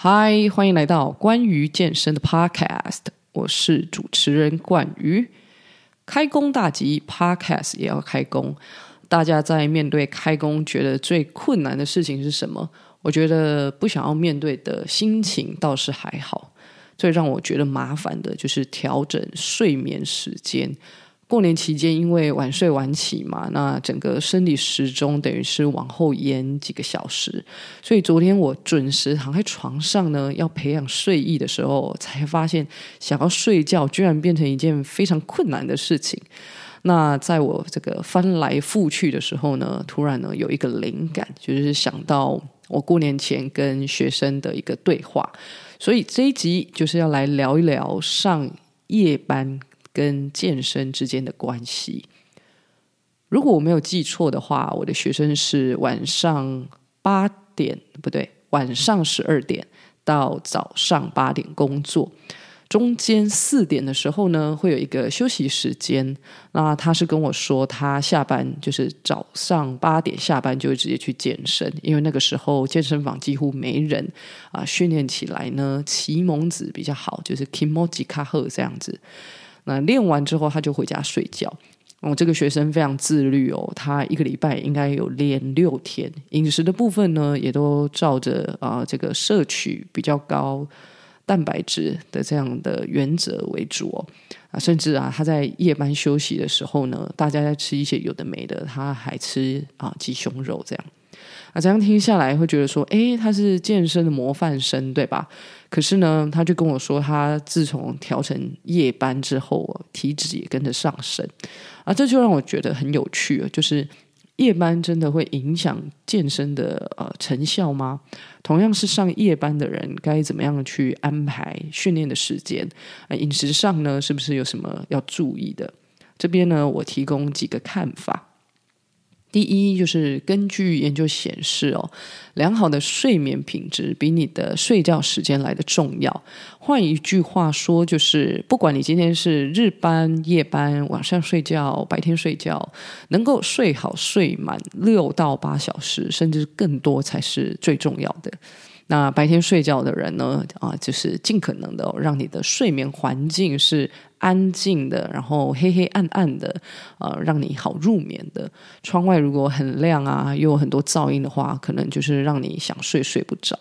嗨，Hi, 歡迎來到關於健身的 Podcast。我是主持人冠瑜。開工大吉，Podcast 也要開工。大家在面對開工，覺得最困難的事情是什麼？我覺得不想要面對的心情倒是還好，最讓我覺得麻煩的就是調整睡眠時間。過年期間，因為晚睡晚起嘛，那整個生理時鐘等於是往後延幾個小時，所以昨天我準時躺在床上呢，要培養睡意的時候，才發現想要睡覺居然變成一件非常困難的事情。那在我這個翻來覆去的時候呢，突然呢有一個靈感，就是想到我過年前跟學生的一個對話，所以這一集就是要來聊一聊上夜班。跟健身之間的關係，如果我沒有記錯的話，我的學生是晚上八點不對，晚上十二點到早上八點工作，中間四點的時候呢，會有一個休息時間。那他是跟我說，他下班就是早上八點下班，就會直接去健身，因為那個時候健身房幾乎沒人啊，訓練起來呢，奇蒙子比較好，就是 kimochika 赫這樣子。那練完之後，他就回家睡覺。哦、嗯，我這個學生非常自律哦，他一個禮拜應該有練六天。飲食的部分呢，也都照着啊、呃、這個攝取比較高蛋白質的這樣的原則為主哦。啊，甚至啊，他在夜班休息的時候呢，大家在吃一些有的沒的，他還吃啊、呃、雞胸肉這樣。啊，這樣聽下來會覺得說，哎，他是健身的模範生，對吧？可是呢，他就跟我說，他自從調成夜班之後，體脂也跟着上升。啊，這就讓我覺得很有趣，就是夜班真的會影響健身的呃成效嗎？同樣是上夜班的人，該怎麼樣去安排訓練的時間？呃，飲食上呢，是不是有什麼要注意的？這邊呢，我提供幾個看法。第一，就是根據研究顯示哦，良好的睡眠品質比你的睡覺時間來得重要。換一句話說，就是不管你今天是日班、夜班，晚上睡覺、白天睡覺，能夠睡好、睡滿六到八小時，甚至更多才是最重要的。那白天睡覺的人呢？啊，就是盡可能的、哦、讓你的睡眠環境是。安靜的，然後黑黑暗暗的，呃，讓你好入眠的。窗外如果很亮啊，又有很多噪音的話，可能就是讓你想睡睡不着。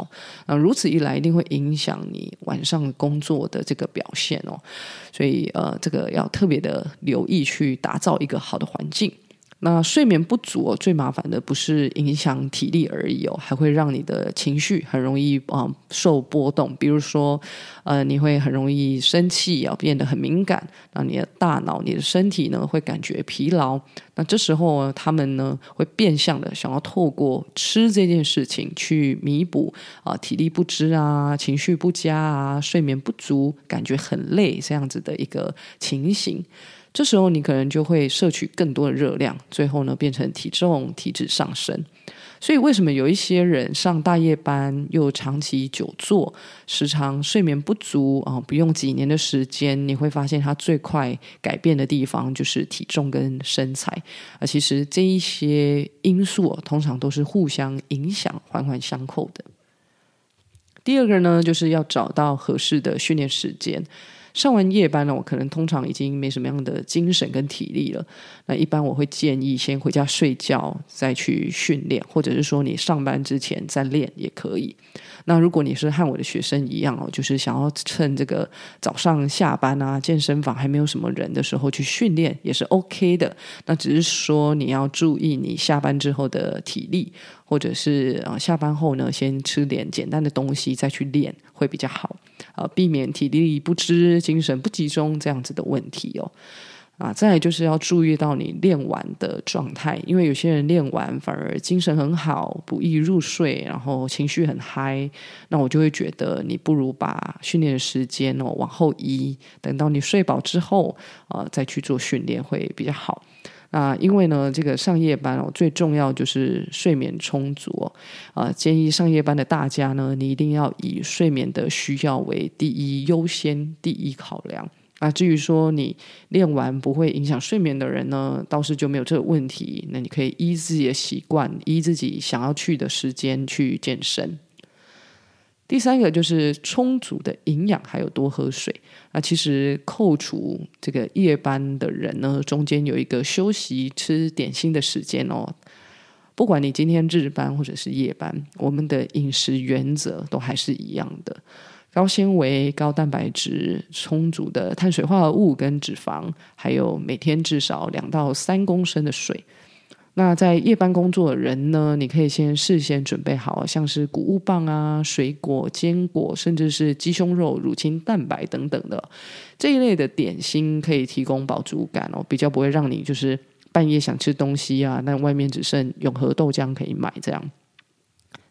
那，呃，如此一來，一定會影響你晚上工作的這個表現哦。所以，呃，這個要特別的留意，去打造一個好的環境。那睡眠不足、哦，最麻煩的不是影響體力而已哦，還會讓你的情緒很容易啊、呃、受波動。比如說，呃，你會很容易生氣要、啊、變得很敏感。那你的大腦、你的身體呢，會感覺疲勞。那這時候、啊，他們呢，會變相的想要透過吃這件事情去彌補啊、呃，體力不支啊，情緒不佳啊，睡眠不足，感覺很累這樣子的一個情形。這時候你可能就會攝取更多的熱量，最後呢變成體重、體脂上升。所以為什麼有一些人上大夜班又長期久坐、時常睡眠不足啊、哦？不用幾年的時間，你會發現他最快改變的地方就是體重跟身材。而其實這一些因素、哦、通常都是互相影響、環環相扣的。第二個呢，就是要找到合適的訓練時間。上完夜班呢，我可能通常已經沒什麼樣的精神跟體力了。那一般我會建議先回家睡覺，再去訓練，或者是說你上班之前再練也可以。那如果你是和我的學生一樣哦，就是想要趁這個早上下班啊，健身房還沒有什麼人的時候去訓練也是 OK 的。那只是說你要注意你下班之後的體力。或者是下班後呢，先吃點簡單的東西，再去練會比較好，避免體力不支、精神不集中這樣子的問題哦。啊，再來就是要注意到你練完的狀態，因為有些人練完反而精神很好，不易入睡，然後情緒很嗨，那我就會覺得你不如把訓練的時間哦往後移，等到你睡飽之後啊、呃，再去做訓練會比較好。啊，因為呢，這個上夜班哦，最重要就是睡眠充足哦。啊，建議上夜班的大家呢，你一定要以睡眠的需要為第一優先，第一考量。啊，至於說你練完不會影響睡眠的人呢，倒是就沒有這個問題。那你可以依自己的習慣，依自己想要去的時間去健身。第三個就是充足的營養，還有多喝水。那其實扣除這個夜班的人呢，中間有一個休息、吃點心的時間哦。不管你今天日班或者是夜班，我們的飲食原則都還是一樣的：高纖維、高蛋白質、充足的碳水化合物跟脂肪，還有每天至少兩到三公升的水。那在夜班工作的人呢？你可以先事先準備好，像是穀物棒啊、水果、堅果，甚至是雞胸肉、乳清蛋白等等的這一類的點心，可以提供飽足感哦，比較不會讓你就是半夜想吃東西啊。那外面只剩永和豆漿可以買這樣。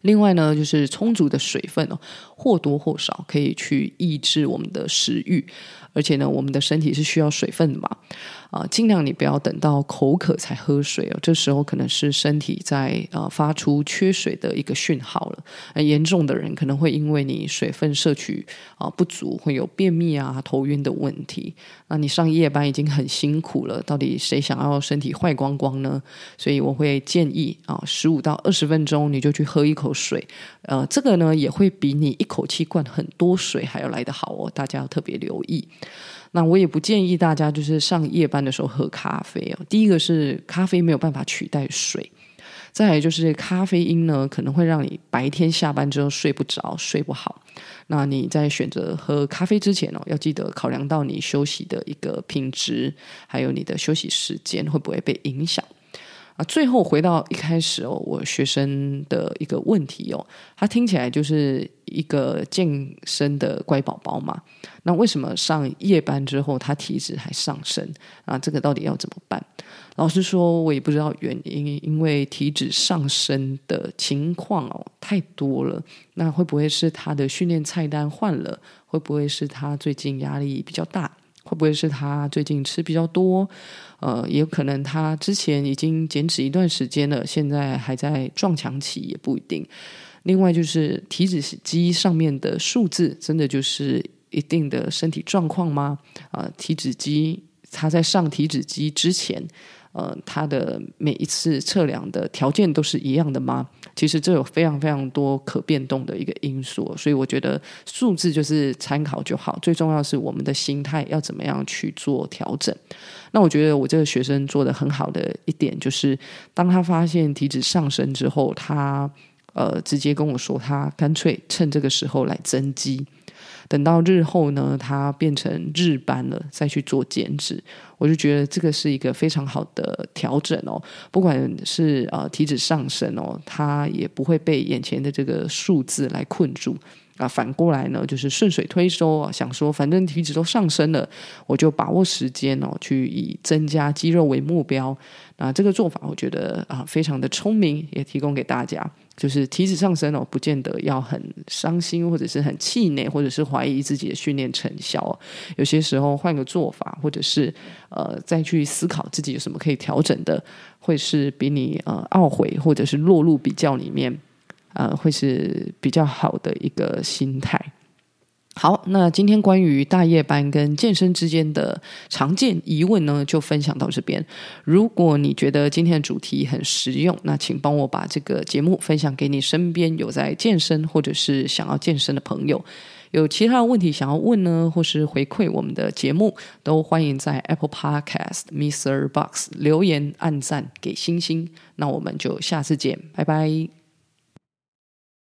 另外呢，就是充足的水分哦，或多或少可以去抑制我們的食欲，而且呢，我們的身體是需要水分的嘛。啊，盡量你不要等到口渴才喝水哦，這時候可能是身體在啊、呃、發出缺水的一個訊號了。很嚴重的人可能會因為你水分攝取啊、呃、不足，會有便秘啊、頭暈的問題。那你上夜班已經很辛苦了，到底誰想要身體壞光光呢？所以我會建議啊，呃、十五到二十分鐘你就去喝一口水，呃，這個呢也會比你一口氣灌很多水還要來得好哦，大家要特別留意。那我也不建議大家就是上夜班的時候喝咖啡哦。第一個是咖啡沒有辦法取代水，再來就是咖啡因呢可能會讓你白天下班之後睡不着、睡不好。那你在選擇喝咖啡之前哦，要記得考量到你休息的一個品質，還有你的休息時間會不會被影響。啊，最後回到一開始哦，我學生的一個問題哦，他聽起來就是一個健身的乖寶寶嘛。那為什麼上夜班之後他體脂還上升啊？這個到底要怎麼辦？老實說，我也不知道原因，因為體脂上升的情況哦太多了。那會不會是他的訓練菜單換了？會不會是他最近壓力比較大？會不會是他最近吃比較多？呃，也有可能他之前已經減脂一段時間了，現在還在撞牆期也不一定。另外，就是體脂機上面的數字，真的就是一定的身體狀況嗎？啊、呃，體脂機他在上體脂機之前。呃，他的每一次測量的條件都是一樣的嗎？其實這有非常非常多可變動的一個因素，所以我覺得數字就是參考就好。最重要是我們的心態要怎麼樣去做調整。那我覺得我這個學生做得很好的一點就是，當他發現體脂上升之後，他呃直接跟我說，他乾脆趁這個時候來增肌，等到日後呢，他變成日班了再去做減脂。我就覺得這個是一個非常好的調整哦，不管是啊、呃、體脂上升哦，它也不會被眼前的這個數字來困住啊。反過來呢，就是順水推舟啊，想說反正體脂都上升了，我就把握時間哦、啊，去以增加肌肉為目標啊。這個做法我覺得啊非常的聰明，也提供給大家，就是體脂上升哦、啊，不見得要很傷心或者是很氣餒或者是懷疑自己的訓練成效、啊。有些時候換個做法，或者是。呃，再去思考自己有什麼可以調整的，會是比你呃懊悔或者是落入比較裡面，啊、呃，會是比較好的一個心態。好，那今天關於大夜班跟健身之間的常見疑問呢，就分享到這邊。如果你覺得今天的主題很實用，那請幫我把這個節目分享給你身邊有在健身或者是想要健身的朋友。有其他問題想要問呢，或是回饋我們的節目，都歡迎在 Apple Podcast Mr. Box 留言、按讚、給星星。那我們就下次見，拜拜。